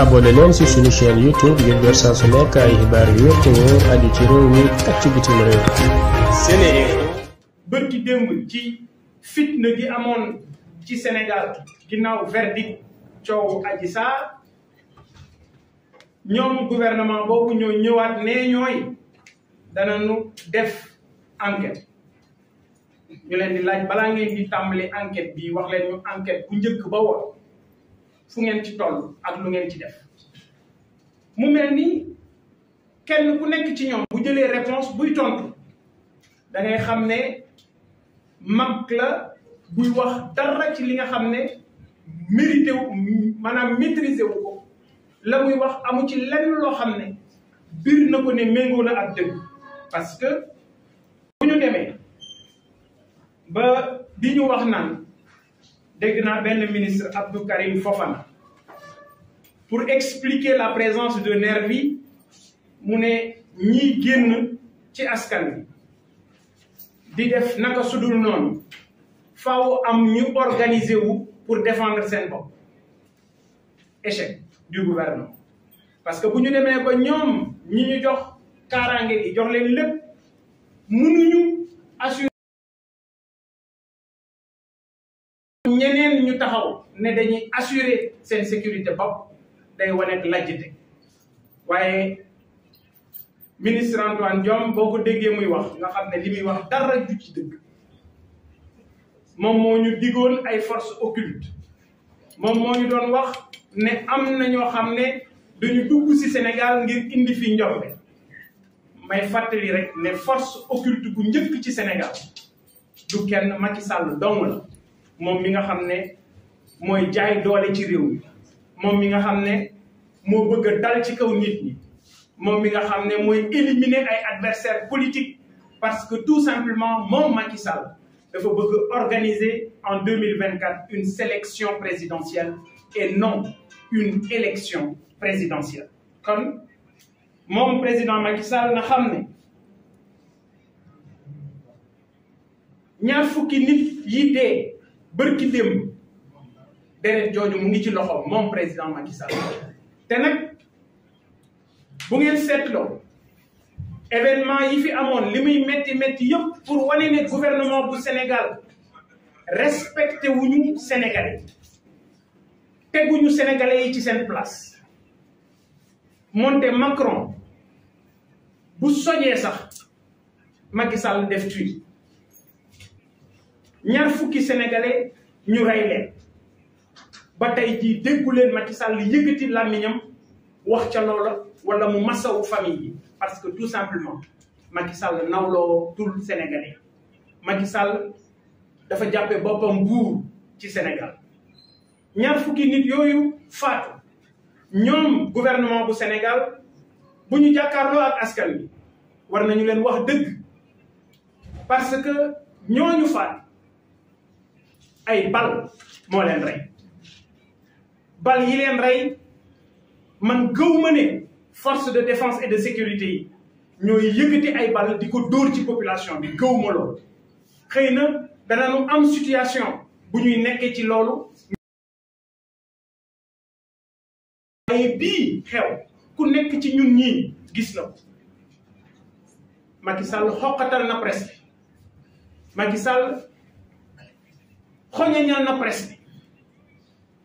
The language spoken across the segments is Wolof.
abonné leen ci suñu chaîne YouTube ngir jot yu wér ci réew mi ci bitim réew. Sénégal. bërki démb ci fitna gi amoon ci Sénégal ginnaaw verdict coow Adji Sarr ñoom gouvernement boobu ñoo ñëwaat ne ñooy danañu def enquête ñu leen di laaj balaa ngeen di tàmbali enquête bi wax leen ñu enquête bu njëkk ba woon. fu ngeen ci toll ak lu ngeen ci def mu mel nii kenn ku nekk ci ñoom bu jëlee réponse buy tontu da ngay xam ne mag la buy wax dara ci li nga xam ne mérité wu maanaam ko la muy wax amu ci lenn loo xam ne biir na ko ne méngoo na ak dëgg parce que bu ñu demee ba di ñu wax naan dégg naa benn ministre Abdou Karim Fofana pour expliquer la présence de nervi mu ne ñiy génn ci askan di def naka sudul noonu faaw am ñu organiser wu pour défendre seen bopp échec du gouvernement parce que bu ñu demee ba ñoom ñi ñu jox kaaraange gi jox leen lépp ñeneen ñu taxaw ne dañuy assuré seen sécurité bopp day waneeg lajjite waaye ministre Antoine Diome boo ko déggee muy wax nga xam ne li muy wax dara ju ci dëgg moom moo ñu digoon ay force occultes moom moo ñu doon wax ne am na ñoo xam ne dañu dugg ci Sénégal ngir indi fi njombe may fàttali rek ne force occulte bu njëkk ci Sénégal du kenn Macky Sall la moom mi nga xam ne mooy jaay doole ci réew mi moom mi nga xam ne moo bëgg a dal ci kaw nit ñi moom mi nga xam ne mooy éliminer ay adversaires politiques parce que tout simplement moom Macky Sall dafa bëgg organiser en deux mille vingt quatre une sélection présidentielle et non une élection présidentielle kon moom président Macky Sall na xam ne ñaar fukki nit yi dee bërki démb deret jooju mu ngi ci loxo moom président Macky Sall te nag bu ngeen seetlo événement yi fi amoon li muy métti métti yëpp pour wane ne gouvernement bu Sénégal respecté wuñu sénégalais teguñu sénégalais yi ci seen place moonte Macron bu soñee sax Macky Sall def ñaar fukki sénégalais ñu rey ba tey jii déggu leen Macky Sall yëkkati làmmiñam wax ca loola wala mu masawu famille yi parce que tout simplement Macky Sall nawloo tul sénégalais Macky Sall dafa jàppe boppam buur ci Sénégal ñaar fukki nit yooyu faatu ñoom gouvernement bu Sénégal bu ñu jàkkaarloo ak askan bi war nañu leen wax dëgg parce que ñooñu faatu ay bal moo leen rey bal yi leen rey man gëw ma force de défense et de sécurité yi ñooy yëkkati ay bal di ko dóor ci population bi gëw ma lool xëy na danañu am situation bu ñuy nekkee ci loolu waaye bii xew ku nekk ci ñun ñi gis na ko Macky na presse bi xoñe ñal na presse bi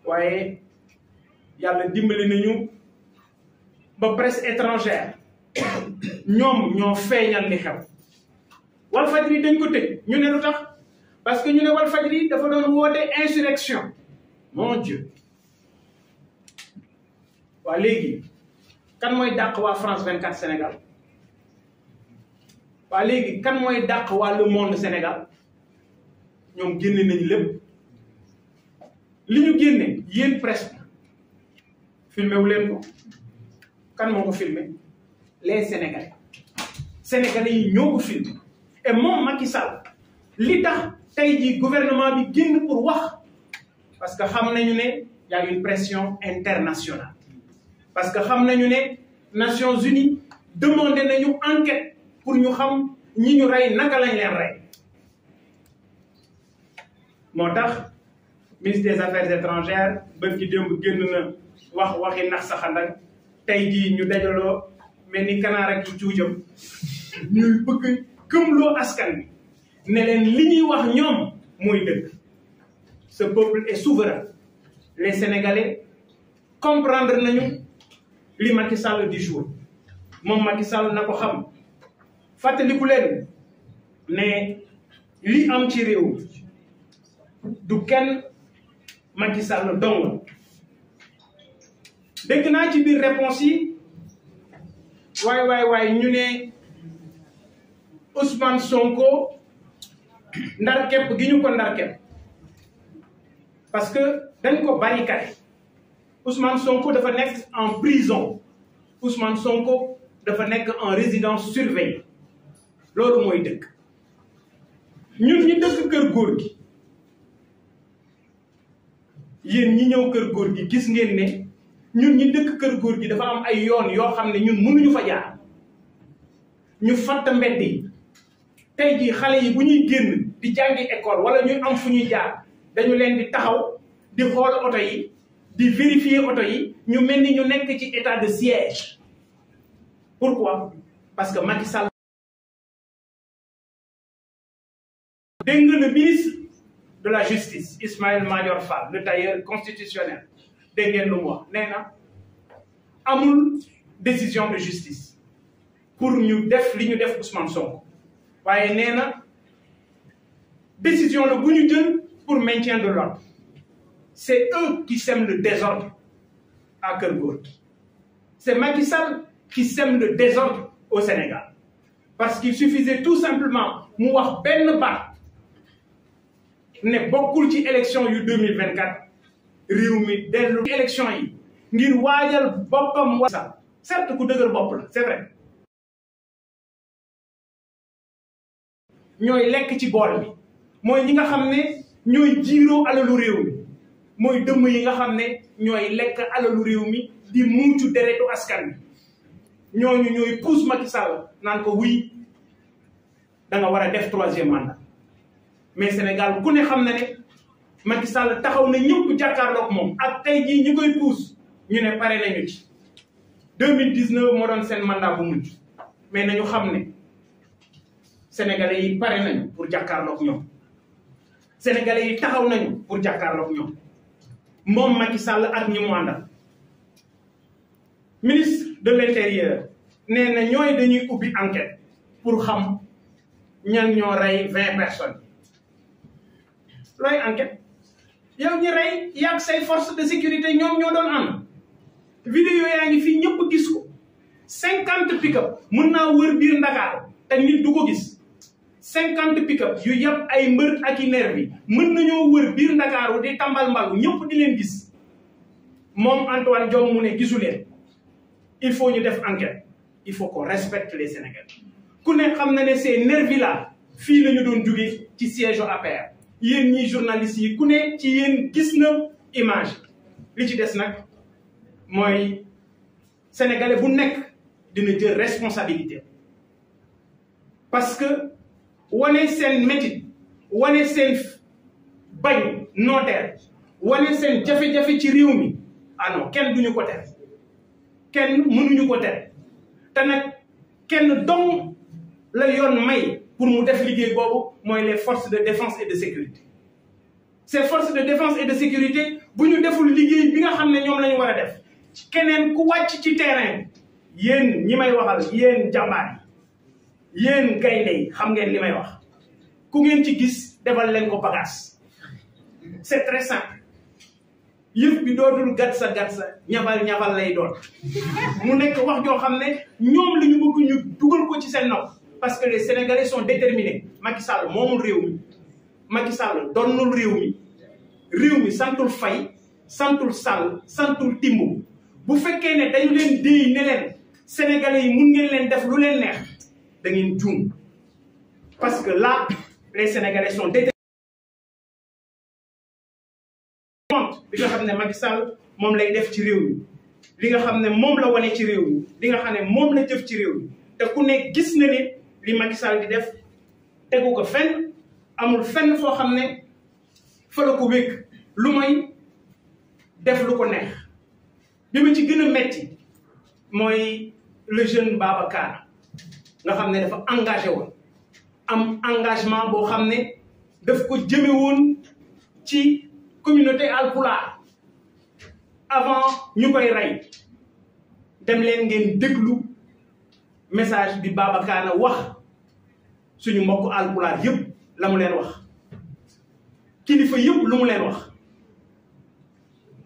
waaye yàlla dimbali nañu ba presse étrangère ñoom ñoo feeñal li xew Walfadjri dañ ko tëj ñu ne lu tax parce que ñu ne Walfadjri dafa doon woote insurrection mon Dieu waa léegi kan mooy dàq waa France 24 Sénégal waa léegi kan mooy dàq waa Le Monde Sénégal ñoom génne nañ lépp li ñu génne yéen presse bi filmé wu leen ko kan moo ko filmé les sénégalais sénégalais yi ñoo ko filmé et moom li tax tey jii gouvernement bi génn pour wax parce que xam nañu ne y a une pression internationale parce que xam nañu ne Nations Unies demandé nañu enquête pour ñu xam ñi ñu rey naka lañ leen rey moo tax ministre des affaires étrangères ba ci démb génn na wax waxi nax saxandak tey jii ñu dajaloo mel ni kanaar ak ci cuujam ñuy bëgg gëmloo askan bi ne li ñuy wax ñoom mooy dëgg ce peuple est souverain les sénégalais comprendre nañu li Macky Sall di jour moom Macky Sall na ko xam fàttaliku leen ne li am ci réew du kenn Macky Sall dong la naa ci biir réponse yi waay waay waay ñu ne Ousmane Sonko ndar képp gi ñu ko ndar parce que dañ ko barricade Ousmane Sonko dafa nekk en prison Ousmane Sonko dafa nekk en résidence surveillée loolu mooy dëkk ñun ñu dëkk kër góor gi yéen ñi ñëw kër góor gi gis ngeen ne ñun ñi dëkk kër góor gi dafa am ay yoon yoo xam ne ñun munuñu fa ñu fatt mbedd yi tey jii xale yi bu ñuy génn di jàngi école wala ñuy am fu ñuy jaar dañu leen di taxaw di xool oto yi di vérifier oto yi ñu mel ni ñu nekk ci état de siège pourquoi parce que Macky Sall de la justice Ismaël Madior Fall le tailleur constitutionnel dégg ngeen lu mu wax nee na amul décision de justice pour ñu def li ñu def Ousmane Sonko waaye nee na décision la bu ñu jël pour maintien de l'ordre c'est eux qui sèment le désordre à Kër Gorgui c'est Macky qui sème le désordre au Sénégal parce qu'il suffisait tout simplement mu wax benn ne bokkul ci élection yu 2024 réew mi dellu élection yi ngir waajal boppam wa sax certes ku dëgër bopp la c'est vrai ñooy lekk ci bool bi mooy ñi nga xam ne ñooy jiiroo alalu réew mi mooy dëmm yi nga xam ne ñooy lekk alalu réew mi di muucu deretu askan bi ñooñu ñooy pousse Macky Sall naan ko wuy danga nga war a def troisième mandat mais Sénégal ku ne xam na ne Macky taxaw na ñëpp jàkkaarloog moom ak kay jii ñu koy puus ñu ne pare nañu ci. 2019 moo doon seen mandat bu mujj mais nañu xam ne sénégalais yi pare nañu pour jàkkaarloog ñoom sénégalais yi taxaw nañu pour jàkkaarloog ñoom moom Macky ak ñi mu àndal. ministre de l'intérieur nee na ñooy dañuy ubbi enquête pour xam ñan ñoo rey vingt personnes. looy enquête yow ñi rey yàgg force de sécurité ñoom ñoo doon ànd vidéo yaa ngi fii ñëpp gis ko cinquante pick mën naa wër biir Ndakaar ta nit du ko gis cinquante pick-up yu yàpp ay mbër ak i nerf bi mën nañoo wër biir Ndakaaru di tambal mbalu ñëpp di leen gis moom Antoine Diome ne gisu leen il faut ñu def enquête il faut qu'on respect les Sénégalais ku ne am na ne ces nervis là fii la ñu doon jóge ci siège APR yéen ñii journalistes yi ku ne ci yéen gis na image li ci des nag mooy sénégalais bu nekk dina jël responsabilité parce que wane seen métit wane seen bañ nooteer wane seen jafe-jafe ci réew mi ah kenn duñu ko tere kenn mënuñu ko tere te kenn dong la yoon may pour mu def liggéey boobu mooy les forces de défense et de sécurité ces force de défense et de sécurité bu ñu deful liggéey bi nga xam ne ñoom la ñu war a def keneen ku wàcc ci terrain bi yéen ñi may waxal yéen jàmbaar yi yéen gaynde yi xam ngeen li may wax ku ngeen ci gis defal leen ko bagage c'est très simple bi dootul gat sa gat sa ñabal ñabal lay doon mu nekk wax joo xam ne ñoom la ñu bëgg ñu dugal ko ci seen nopp parce que les Sénégalais sont déterminés Macky Sall moomul réew Sall donnul réew mi réew mi santul Faye Sall santul Timbo bu fekkee ne dañu leen déy ne yi mun ngeen leen def lu leen neex da ngeen parce que là les Sénégalais sont bi nga xam ne Macky Sall moom lay def ci réew mi li nga xam ne moom la wane ci réew mi li nga xam ne moom la jëf ci réew mi te ku ne gis na ne li Macky Sall di def tegu ko fen amul fenn foo xam ne fa la ko wékk lu may def lu ko neex bi ma ci gën a metti mooy le jeune Babacar nga xam ne dafa engagé woon am engagement boo xam ne daf ko jëme ci communauté alpulaar avant ñu koy rey dem leen ngeen déglu message bi Babacar na wax suñu mbokku alpulaar yëpp la mu leen wax kilifa yëpp lu mu leen wax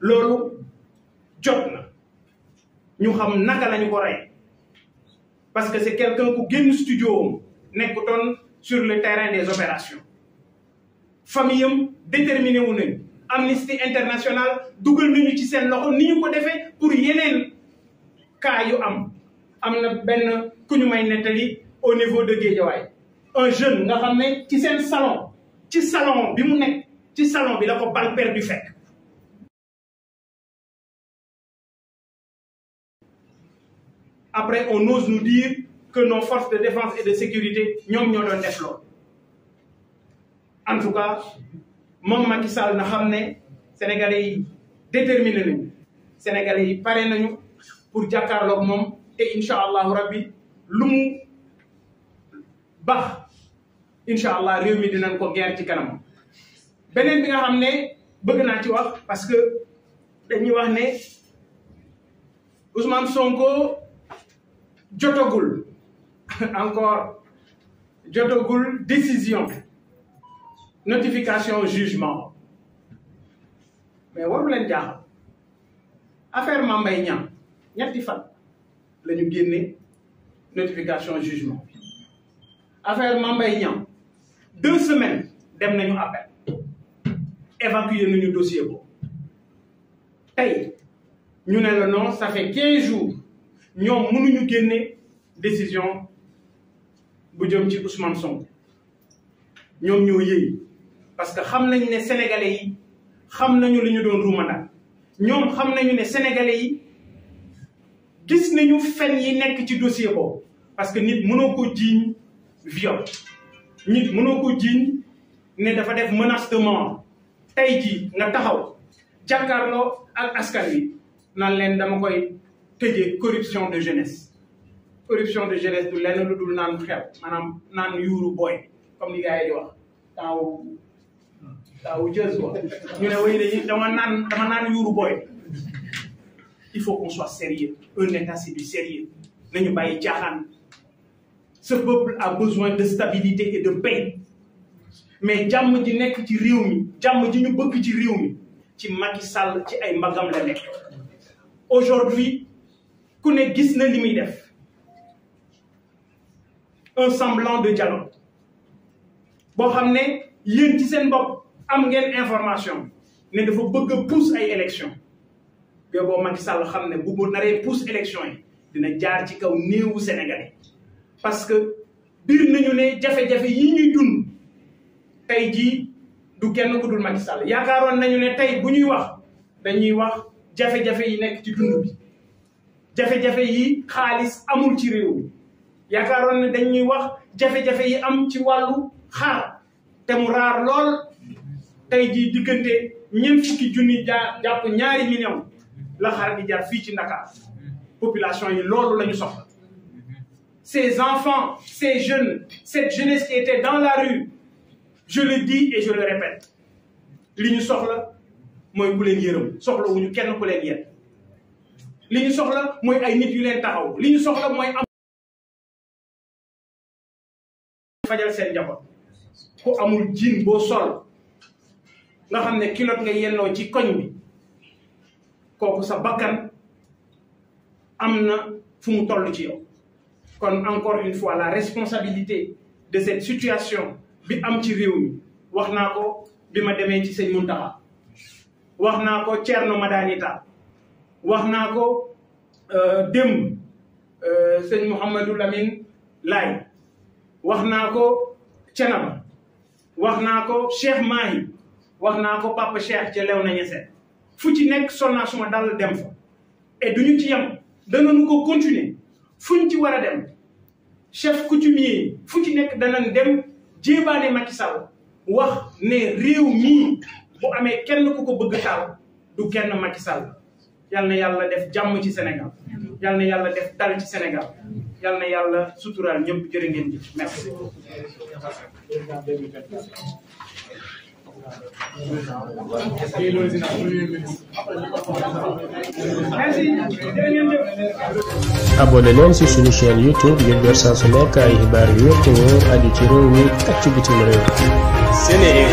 loolu jot na ñu xam naka lañu ko rey parce que c'est quelqu'un ku génn studio am nekkutoon sur le terrain des opérations famille am déterminé wu nañu Amnesty International dugal nañu ci seen loxo ni ñu ko defee pour yeneen ka yu am am na benn ku ñu may nettali au niveau de Guédiawaye un jeune nga xam ne ci seen salon ci salon bi mu nekk ci salon bi la ko balle perdue fekk après on ose nous dire que nos force de défense et de sécurité ñoom ñoo doon def en tout cas moom Macky Sall na xam ne sénégal yi déterminé nañu sénégalais yi pare nañu pour jàkkaarloog moom te incha allahu rabbi lu mu baax incha allah réew mi dinañ ko geer ci kanam beneen bi nga xam ne bëgg naa ci wax parce que dañuy wax ne Ousmane Sonko jotagul encore jotagul décision notification jugement mais waru leen jaaxal affaire Mame Mbaye Niang ñetti fan la ñu génne notification jugement affaire Mame Mbaye ñam deux semaines dem nañu appel évacuer nañu dossier boobu tey ñu ne la non ça fait quinze jours ñoom mënuñu génne décision bu jëm ci Ousmane Sonko ñoom ñoo yëy parce que xam nañu ne sénégalais yi xam nañu li ñu doon ruumandaat ñoom xam nañu ne sénégalais yi gis nañu fen yi nekk ci dossier parce que nit mënoo ko jiiñ viol nit mënoo ko jiiñ ne dafa def menace de tey jii nga taxaw jàkkaarloo ak askan nan leen dama koy tëjee corruption de jeunesse corruption de jeunesse du lenn lu dul naan xew maanaam naan yuuru booy comme li gars di wax taaw taaw jëz wa ñu ne way dañu dama naan dama naan il faut qu'on sérieux un état c'est du sérieux nañu bàyyi caaxaan ce peuple a besoin de stabilité et de paix mais jàmm ji nekk ci réew mi jàmm ji ñu bëgg ci réew mi ci Macky Sall ci ay magam la nekk aujourd'hui ku ne gis na li muy def un semblant de dialogue boo xam ne yéen ci seen bopp am ngeen information ne dafa bëgg a pousse ay élection boo boo Macky Sall xam ne bu mu naree pousse élection yi dina jaar ci kaw néewu Sénégalais parce que biir nañu ne jafe-jafe yi ñu dund tey jii du kenn ku dul Macky Sall nañu ne tey bu ñuy wax dañuy wax jafe-jafe yi nekk ci dund bi jafe-jafe yi xaalis amul ci réew mi yaakaaroon ne wax jafe-jafe yi am ci wàllu xaar te mu lool tey jii diggante ñeent junni jaa jàpp ñaari million la xaar di jar fii ci Ndakaar population yi loolu lañu ñu soxla ces enfants, ces jeunes, cette jeunesse qui était dans la rue je le dis et je le répète li ñu soxla mooy ku leen yërëm soxlawuñu kenn ku leen yet li ñu soxla mooy ay nit yu leen taxaw li ñu soxla mooy am fajal seen njaboot ku amul jiin boo sol nga xam ne kilot nga yennoo ci koñ bi kooku sa bakkan am na fu mu toll ci yow kon encore une fois la responsabilité de cette situation bi am ci réew mi wax naa ko bi ma demee ci sëñ Muntaxa wax naa ko Thierno Madani Tall wax naa ko euh, démb euh, sëñ Mouhamadou Lamine Laye wax naa ko Cenaba wax naa ko Cheikh Mahi wax naa ko Papa Cheikh ca Léona Niassène fu ci nekk sonnation dal dem fa et duñu ci yem danañu ko continuer fuñ ci war a dem chef coutumier fu ci nekk danañ dem jéebaane Macky Sall wax ne réew mii bu amee kenn ku ko bëgg taal du kenn Macky Sall yal na yàlla def jàmm ci Sénégal yal na yàlla def dal ci Sénégal yal na yàlla suturaal ñëpp jërë ngeen abonné leen ci suñu youtube ngir jot saa su nekk ay xibaar yu wér te wóor aju ci réew mi ci réew